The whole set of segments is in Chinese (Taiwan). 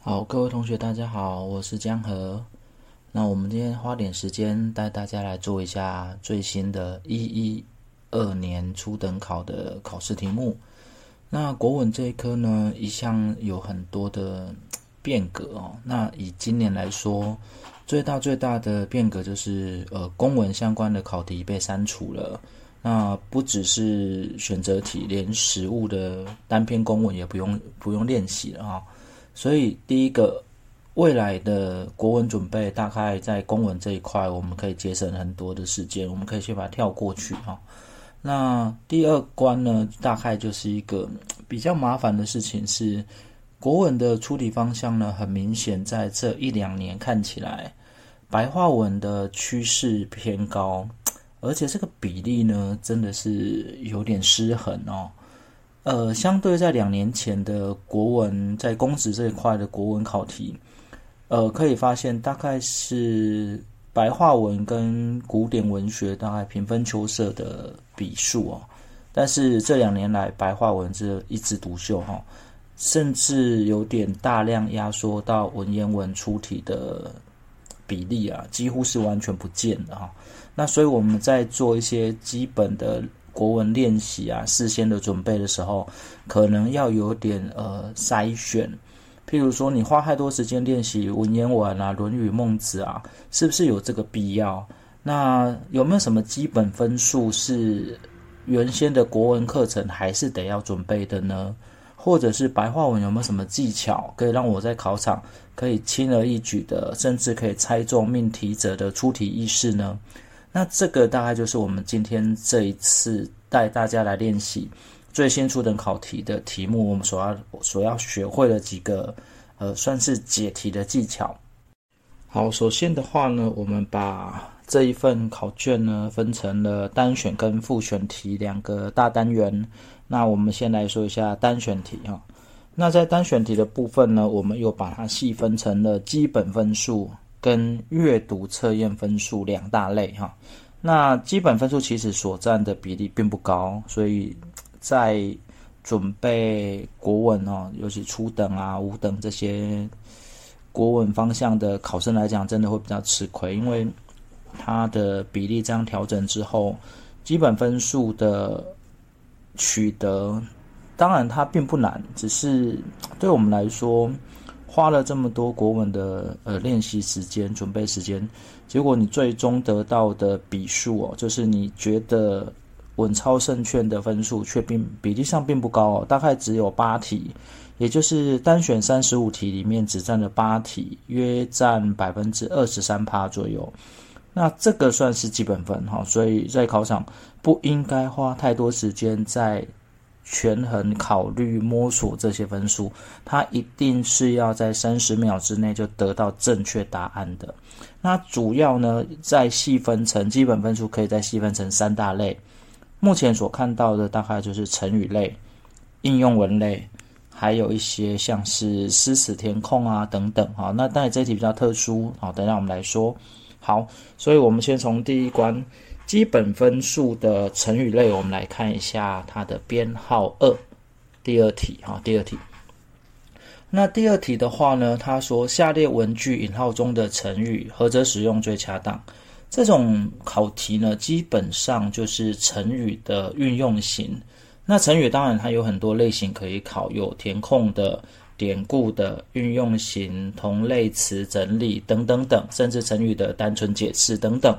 好，各位同學，大家好，我是江河。那我們今天花點時間帶大家來做一下最新的112年初等考的考試題目。那國文這一科呢，一向有很多的變革哦。那以今年來說，最大最大的變革就是，呃，公文相關的考題被刪除了。那不只是選擇題，連實務的單篇公文也不用不用練習了哦。所以第一個未來的國文準備，大概在公文這一塊，我們可以節省很多的時間，我們可以先把它跳過去哦。那第二關呢，大概就是一個比較麻煩的事情是，是國文的出題方向呢，很明顯在這一兩年看起來。白話文的趨勢偏高，而且這個比例呢，真的是有點失衡哦。呃，相對在兩年前的國文，在公職這一塊的國文考題，呃，可以發現大概是白話文跟古典文學大概平分秋色的比數哦。但是這兩年來，白話文這一枝獨秀哈，甚至有點大量壓縮到文言文出題的。比例啊，幾乎是完全不見的哈啊。那所以我們在做一些基本的國文練習啊，事先的準備的時候，可能要有點呃篩選。譬如說，你花太多時間練習文言文啊、《論語》《孟子》啊，是不是有這個必要？那有沒有什麼基本分數是原先的國文課程還是得要準備的呢？或者是白話文有沒有什麼技巧，可以讓我在考場可以輕而易舉的，甚至可以猜中命題者的出題意識呢？那這個大概就是我們今天這一次帶大家來練習最新初等考題的題目，我們所要所要學會的幾個呃，算是解題的技巧。好，首先的話呢，我們把這一份考卷呢分成了單選跟複選題兩個大單元。那我們先來說一下單選題哈、哦。那在單選題的部分呢，我們又把它細分成了基本分數跟閱讀測驗分數兩大類哈、哦。那基本分數其實所佔的比例並不高，所以在準備國文哦，尤其初等啊、五等這些國文方向的考生來講，真的會比較吃虧，因為它的比例這樣調整之後，基本分數的。取得，當然它並不難，只是對我們來說，花了這麼多國文的呃練習時間、準備時間，結果你最終得到的比數，哦，就是你覺得穩操勝券的分數，卻並比例上並不高哦，大概只有八題，也就是單選三十五題裡面只佔了八題，約佔百分之二十三趴左右。那這個算是基本分哈，所以在考場不應該花太多時間在權衡、考慮、摸索這些分數，它一定是要在三十秒之內就得到正確答案的。那主要呢，再細分成基本分數，可以再細分成三大類。目前所看到的大概就是成語類、應用文類，還有一些像是詩詞填空啊等等哈。那當然這題比較特殊，好，等下我們來說。好，所以我們先從第一關基本分數的成語類，我們來看一下它的編號二第二題哈，第二題。那第二題的話呢，它說下列文句引號中的成語何者使用最恰當？這種考題呢，基本上就是成語的運用型。那成語當然它有很多類型可以考，有填空的。典故的運用型、同類詞整理等等等，甚至成語的單純解釋等等。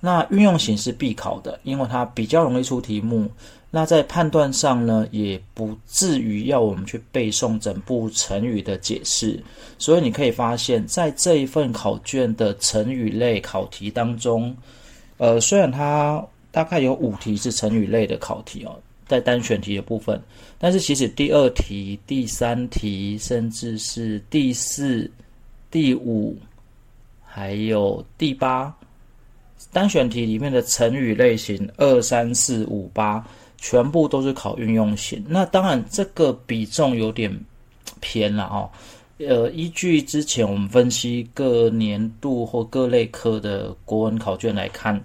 那運用型是必考的，因為它比較容易出題目。那在判斷上呢，也不至於要我們去背誦整部成語的解釋。所以你可以發現，在這一份考卷的成語類考題當中，呃，雖然它大概有五題是成語類的考題哦。在單選題的部分，但是其實第二題、第三題，甚至是第四、第五，還有第八，單選題裡面的成語類型，二三四五八，全部都是考運用型。那當然，這個比重有點偏了哦。呃，依據之前我們分析各年度或各類科的國文考卷來看，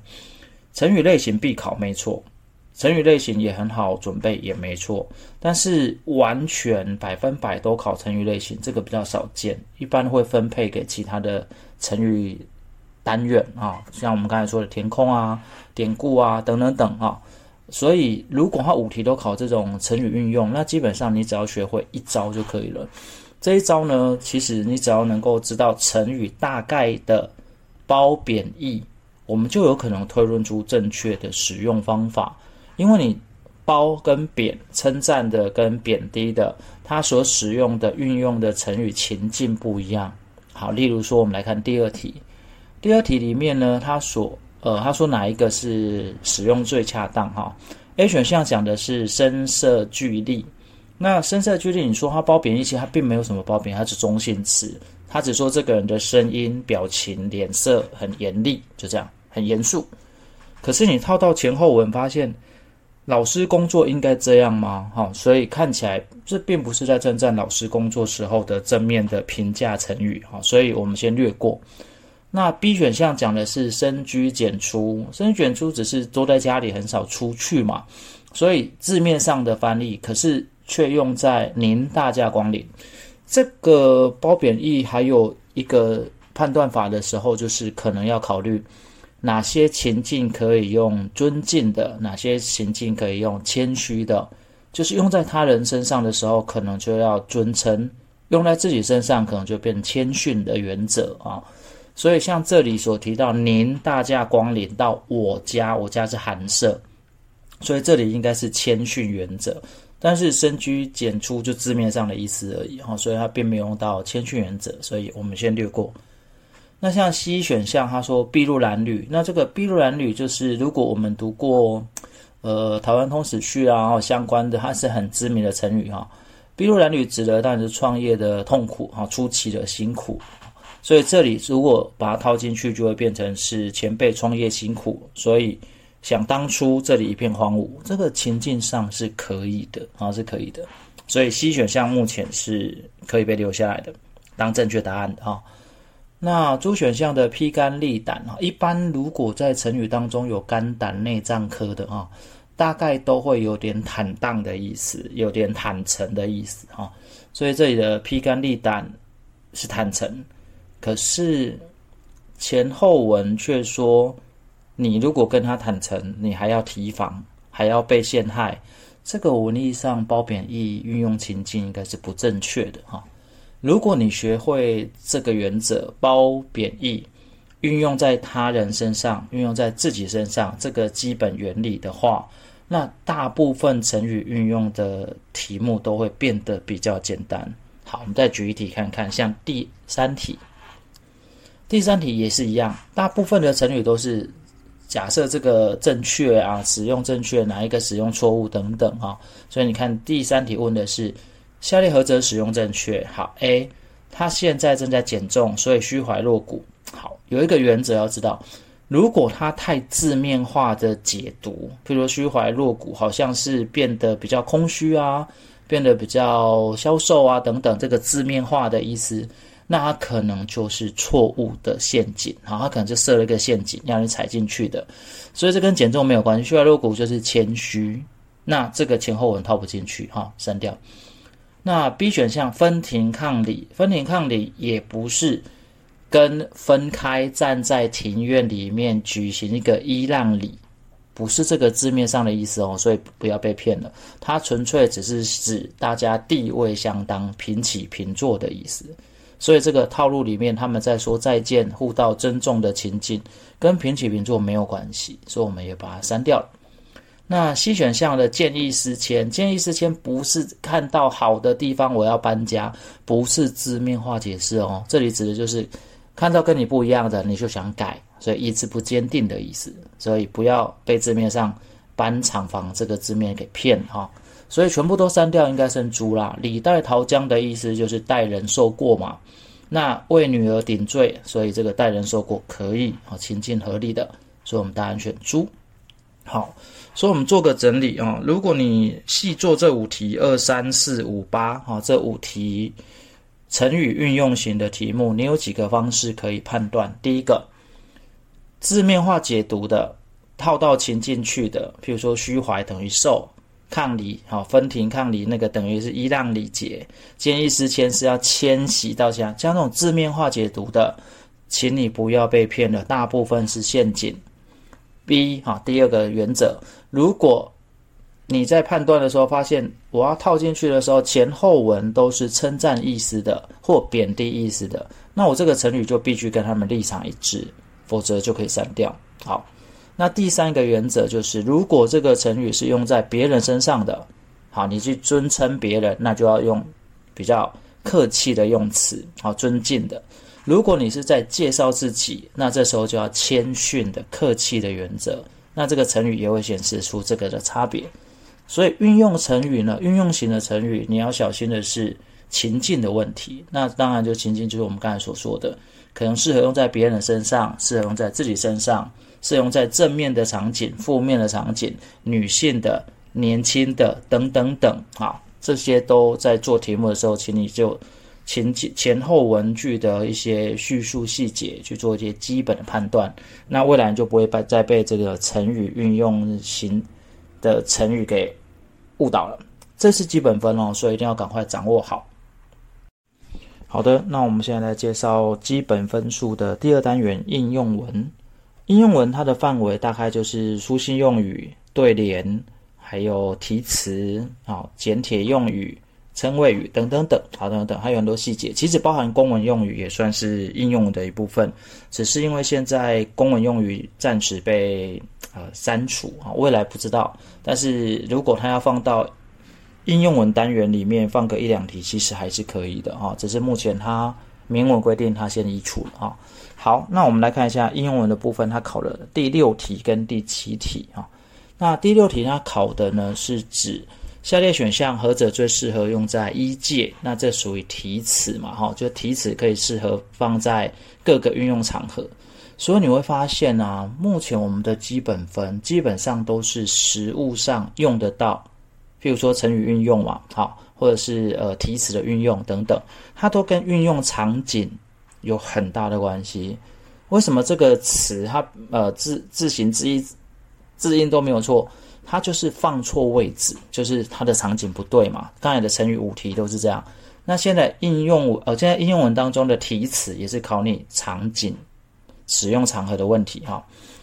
成語類型必考沒錯。成語類型也很好準備，也沒錯。但是完全百分百都考成語類型，這個比較少見。一般會分配給其他的成語單元啊、哦，像我們剛才說的填空啊、典故啊等等等啊、哦。所以，如果它五題都考這種成語運用，那基本上你只要學會一招就可以了。這一招呢，其實你只要能夠知道成語大概的褒貶義，我們就有可能推論出正確的使用方法。因為你褒跟貶稱讚的跟貶低的，他所使用的運用的成語情境不一樣。好，例如說，我們來看第二題。第二題裡面呢，他所呃他說哪一個是使用最恰當？哈，A 選項講的是聲色俱厲。那聲色俱厲，你說他褒貶義，其實他並沒有什麼褒貶，它是中性詞。他只說這個人的聲音、表情、臉色很嚴厲，就這樣，很嚴肅。可是你套到前後文，發現。老師工作應該這樣嗎？哈、哦，所以看起來，這並不是在稱讚老師工作時候的正面的評價成語哈、哦，所以我們先略過。那 B 選項講的是深居簡出，深居簡出只是坐在家裡很少出去嘛，所以字面上的翻譯，可是卻用在“您大駕光臨”這個褒貶義，還有一個判斷法的時候，就是可能要考慮。哪些情境可以用尊敬的？哪些情境可以用謙虛的？就是用在他人身上的時候，可能就要尊稱；用在自己身上，可能就變謙遜的原則啊、哦。所以像這裡所提到，您大駕光臨到我家，我家是寒舍，所以這裡應該是謙遜原則。但是深居簡出，就字面上的意思而已哈、哦，所以它並沒有用到謙遜原則，所以我們先略過。那像 C 選項，他說“篳路藍縷”，那這個“篳路藍縷”就是如果我們讀過，呃，臺灣通史序啊，相關的，它是很知名的成語哈。“篳路藍縷”指的當然是創業的痛苦，哈，初期的辛苦。所以這裡如果把它套進去，就會變成是前輩創業辛苦，所以想當初這裡一片荒蕪，這個情境上是可以的，啊，是可以的。所以 C 選項目前是可以被留下來的，當正確答案的哈。那朱選項的“披肝瀝膽”啊，一般如果在成語當中有肝膽內臟科的啊，大概都會有點坦蕩的意思，有點坦誠的意思啊。所以這裡的“披肝瀝膽”是坦誠，可是前後文卻說，你如果跟他坦誠，你還要提防，還要被陷害。這個文意上褒貶義運用情境應該是不正確的哈。如果你學會這個原則，褒貶義運用在他人身上，運用在自己身上，這個基本原理的話，那大部分成語運用的題目都會變得比較簡單。好，我們再舉一題看看，像第三題，第三題也是一樣，大部分的成語都是假設這個正確啊，使用正確，哪一個使用錯誤等等啊，所以你看第三題問的是。下列何者使用正確？好，A，他現在正在減重，所以虛懷若谷。好，有一個原則要知道，如果他太字面化的解讀，譬如說虛懷若谷，好像是變得比較空虛啊，變得比較消瘦啊等等，這個字面化的意思，那他可能就是錯誤的陷阱。好，他可能就設了一個陷阱讓你踩進去的，所以這跟減重沒有關係。虛懷若谷就是謙虛，那這個前後文套不進去，哈，刪掉。那 B 選項分庭抗禮，分庭抗禮也不是跟分開站在庭院裡面舉行一個揖讓禮，不是這個字面上的意思哦，所以不要被騙了。它純粹只是指大家地位相當、平起平坐的意思。所以這個套路裡面他們在說再見、互道珍重的情景，跟平起平坐沒有關係，所以我們也把它刪掉了。那 C 選項的見異思遷，見異思遷不是看到好的地方我要搬家，不是字面化解釋哦。這裡指的就是看到跟你不一樣的你就想改，所以意志不堅定的意思。所以不要被字面上搬廠房這個字面給騙哈、哦。所以全部都刪掉，應該剩 D 啦。李代桃僵的意思就是代人受過嘛，那為女兒頂罪，所以這個代人受過可以啊、哦，情境合理的。所以我們答案選 D，好、哦。所以，我們做個整理啊。如果你細做這五題，二三四五八，哈，這五題成語運用型的題目，你有幾個方式可以判斷？第一個，字面化解讀的，套到情進去的，譬如說“虛懷”等於“受”，“抗禮”好，“分庭抗禮”那個等於是“依讓禮節”，“見異思遷”是要遷徙到家，像這種字面化解讀的，請你不要被騙了，大部分是陷阱。B 好，第二個原則，如果你在判斷的時候發現，我要套進去的時候，前後文都是稱讚意思的或貶低意思的，那我這個成語就必須跟他們立場一致，否則就可以刪掉。好，那第三個原則就是，如果這個成語是用在別人身上的，好，你去尊稱別人，那就要用比較客氣的用詞，好，尊敬的。如果你是在介紹自己，那這時候就要謙遜的、客氣的原則。那這個成語也會顯示出這個的差別。所以運用成語呢，運用型的成語，你要小心的是情境的問題。那當然就情境，就是我們剛才所說的，可能適合用在別人的身上，適合用在自己身上，適合用在正面的場景、負面的場景、女性的、年輕的等等等。好，這些都在做題目的時候，請你就。前前前後文句的一些敘述細節去做一些基本的判斷，那未來就不會再被這個成語運用型的成語給誤導了。這是基本分哦，所以一定要趕快掌握好。好的，那我們現在來介紹基本分數的第二單元應用文。應用文它的範圍大概就是書信用語、對聯，還有題詞啊、柬帖用語。稱謂語等等等，好等等，還有很多細節，其實包含公文用語，也算是應用的一部分，只是因為現在公文用語暫時被呃刪除啊，未來不知道，但是如果它要放到應用文單元裡面放個一兩題，其實還是可以的啊，只是目前它明文規定它先移除了啊。好，那我們來看一下應用文的部分，它考了第六題跟第七題啊。那第六題它考的呢是指。下列選項何者最適合用在一界？那這屬於題詞嘛。哈、哦，就題詞可以適合放在各個運用場合。所以你會發現呢、啊，目前我們的基本分基本上都是實務上用得到，譬如說成語運用嘛，好、哦，或者是呃題詞的運用等等，它都跟運用場景有很大的關係。為什麼這個詞它呃字字形之一？字音都沒有錯，它就是放錯位置，就是它的場景不對嘛。剛才的成語五題都是這樣。那現在應用文呃，現在應用文當中的題詞也是考你場景、使用場合的問題哈、哦。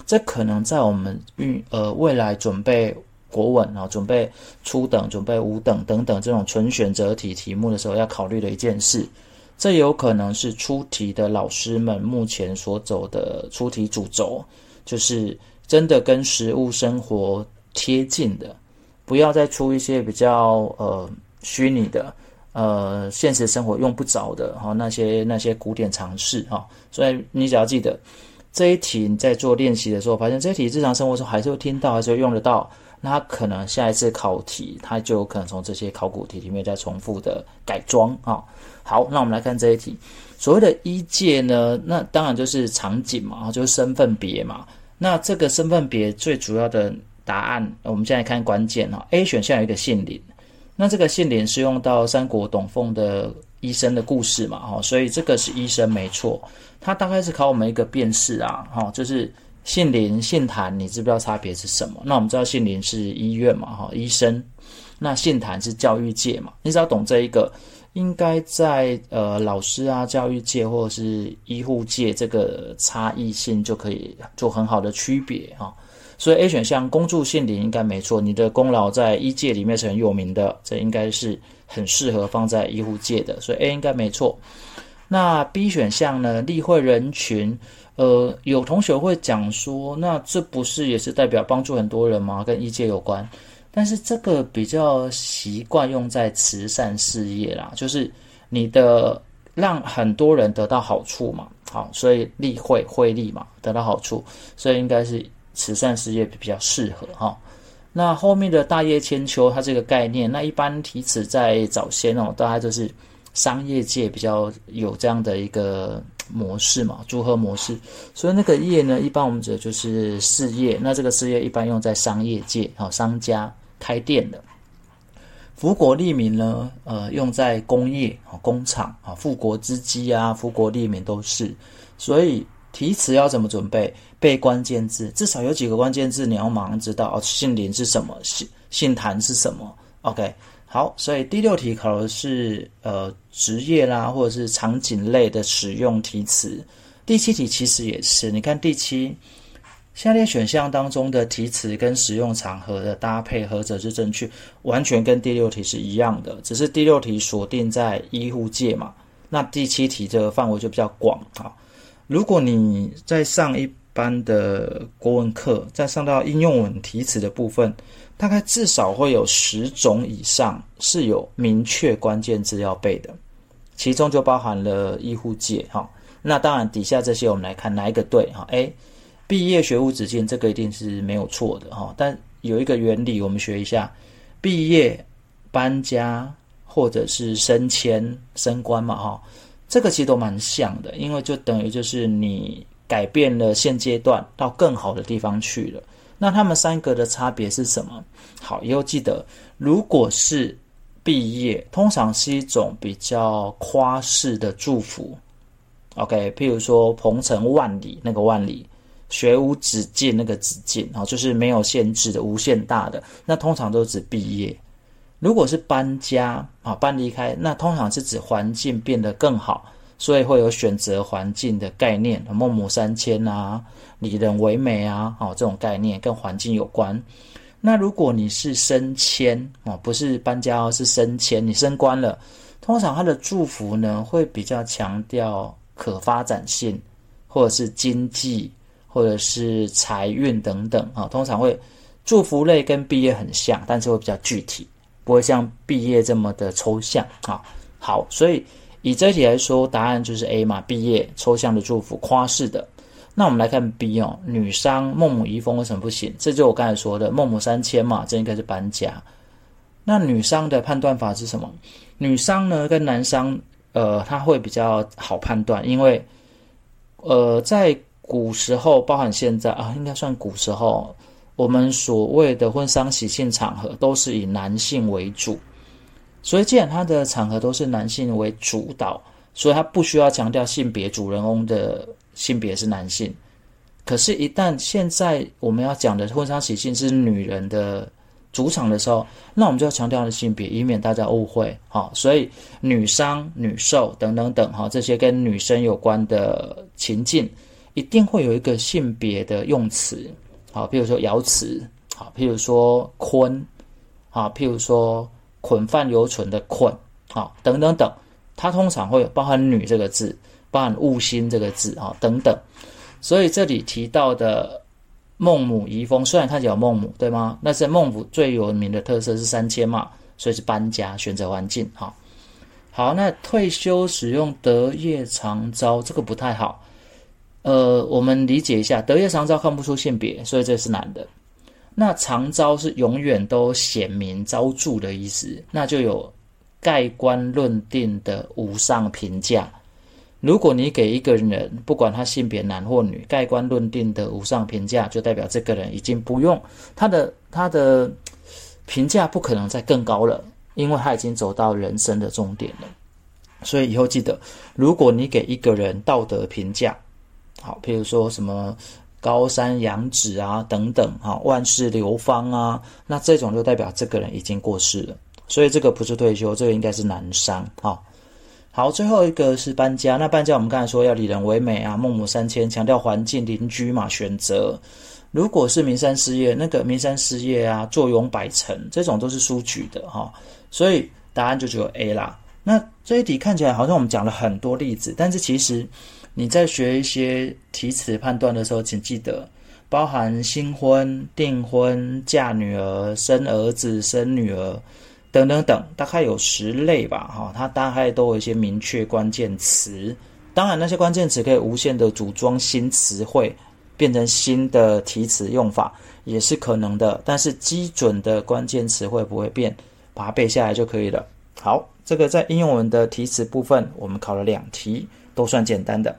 這可能在我們預呃未來準備國文啊，準備初等、準備五等等等這種純選擇題題目的時候要考慮的一件事。這有可能是出題的老師們目前所走的出題主軸，就是。真的跟實物生活貼近的，不要再出一些比較呃虛擬的，呃現實生活用不着的哈、哦、那些那些古典常識哈。所以你只要記得這一題你在做練習的時候，發現這一題日常生活中還是會聽到，還是會用得到。那他可能下一次考題他就可能從這些考古題裡面再重複的改裝哈、哦，好，那我們來看這一題，所謂的一介呢，那當然就是場景嘛，就是身份別嘛。那這個身份別最主要的答案，我們現在看關鍵哈。A 選項有一個杏林，那這個杏林是用到三國董奉的醫生的故事嘛哈，所以這個是醫生沒錯。他大概是考我們一個辨識啊哈，就是杏林、杏壇，你知不知道差別是什麼？那我們知道杏林是醫院嘛哈，醫生，那杏壇是教育界嘛，你只要懂這一個，應該在呃老師啊教育界、或者是醫護界，這個差異性就可以做很好的區別啊，所以 A 選項工作性質應該沒錯，你的功勞在醫界裡面是很有名的，這應該是很適合放在醫護界的，所以 A 應該沒錯。那 B 選項呢？例會人群，呃，有同學會講說，那這不是也是代表幫助很多人嗎？跟醫界有關？但是這個比較習慣用在慈善事業啦，就是你的讓很多人得到好處嘛，好，所以利會惠利嘛，得到好處，所以應該是慈善事業比較適合哈。那後面的大業千秋，它這個概念，那一般題詞在早先哦、喔，大概就是商業界比較有這樣的一個模式嘛，祝賀模式。所以那個業呢，一般我們指的就是事業，那這個事業一般用在商業界，好、喔，商家。開店的，福國利民呢？呃，用在工業工廠啊、工廠啊、富國之基啊、福國利民都是。所以題詞要怎麼準備？背關鍵字，至少有幾個關鍵字你要馬上知道、哦。姓林是什麼？姓姓譚是什麼？OK，好。所以第六題考的是呃職業啦，或者是場景類的使用題詞。第七題其實也是，你看第七。下列選項當中的題詞跟使用場合的搭配何者是正確？完全跟第六題是一樣的，只是第六題鎖定在醫護界嘛。那第七題這個範圍就比較廣、啊、如果你在上一般的國文課，在上到應用文題詞的部分，大概至少會有十種以上是有明確關鍵字要背的，其中就包含了醫護界哈、啊。那當然底下這些我們來看哪一個對哈、啊 A 畢業學無止境，這個一定是沒有錯的哈。但有一個原理，我們學一下：畢業、搬家或者是升遷、升官嘛哈，這個其實都蠻像的，因為就等於就是你改變了現階段到更好的地方去了。那他們三個的差別是什麼？好，以後記得，如果是畢業，通常是一種比較誇飾的祝福。OK，譬如說“鵬程萬里”，那個“萬里”。學無止境，那個止境啊，就是沒有限制的，無限大的。那通常都指畢業。如果是搬家啊，搬離開，那通常是指環境變得更好，所以會有選擇環境的概念，孟母三遷啊，里仁為美啊，這種概念跟環境有關。那如果你是升遷哦，不是搬家哦，是升遷，你升官了，通常他的祝福呢會比較強調可發展性或者是經濟。或者是財運等等啊，通常會祝福類跟畢業很像，但是會比較具體，不會像畢業這麼的抽象啊。好，所以以這題來說，答案就是 A 嘛，畢業抽象的祝福，誇式的。那我們來看 B 哦，女喪孟母遺風為什麼不行？這就是我剛才說的孟母三遷嘛，這應該是搬家。那女喪的判斷法是什麼？女喪呢跟男喪呃，他會比較好判斷，因為呃在。古時候，包含現在啊，應該算古時候。我們所謂的婚喪喜慶場合都是以男性為主，所以既然他的場合都是男性為主導，所以他不需要強調性別，主人翁的性別是男性。可是，一旦現在我們要講的婚喪喜慶是女人的主場的時候，那我們就要強調他的性別，以免大家誤會。好、哦，所以女喪、女壽等等等，哈、哦，這些跟女生有關的情境。一定會有一個性別的用詞，好，比如說瑤池，好，譬如說坤，啊，譬如說捆範猶存的捆，啊，等等等，它通常會有包含女這個字，包含物心這個字，啊，等等。所以這裡提到的孟母遺風，雖然看起來有孟母，對嗎？但是孟母最有名的特色是三遷嘛，所以是搬家選擇環境，好，好，那退休使用德業長招，這個不太好。呃，我們理解一下，“德業常昭”看不出性別，所以這是男的。那“常昭”是永遠都顯明昭著的意思，那就有蓋棺論定的無上評價。如果你給一個人，不管他性別男或女，蓋棺論定的無上評價，就代表這個人已經不用他的他的評價，不可能再更高了，因為他已經走到人生的終點了。所以以後記得，如果你給一個人道德評價，好，譬如說什麼高山仰止啊，等等，哈、哦，萬世流芳啊，那這種就代表這個人已經過世了，所以這個不是退休，這個應該是難商。哈、哦，好，最後一個是搬家。那搬家我們剛才說要里仁為美啊，孟母三遷，強調環境、鄰居嘛，選擇。如果是名山事業，那個名山事業啊，坐擁百城，這種都是書局的哈、哦。所以答案就只有 A 啦。那這一題看起來好像我們講了很多例子，但是其實。你在學一些題詞判斷的時候，請記得包含新婚、訂婚、嫁女兒、生兒子、生女兒，等等等，大概有十類吧。哈、哦，它大概都有一些明確關鍵詞。當然，那些關鍵詞可以無限的組裝新詞彙，變成新的題詞用法也是可能的。但是基準的關鍵詞詞彙不會變，把它背下來就可以了。好，這個在應用文的題詞部分，我們考了兩題，都算簡單的。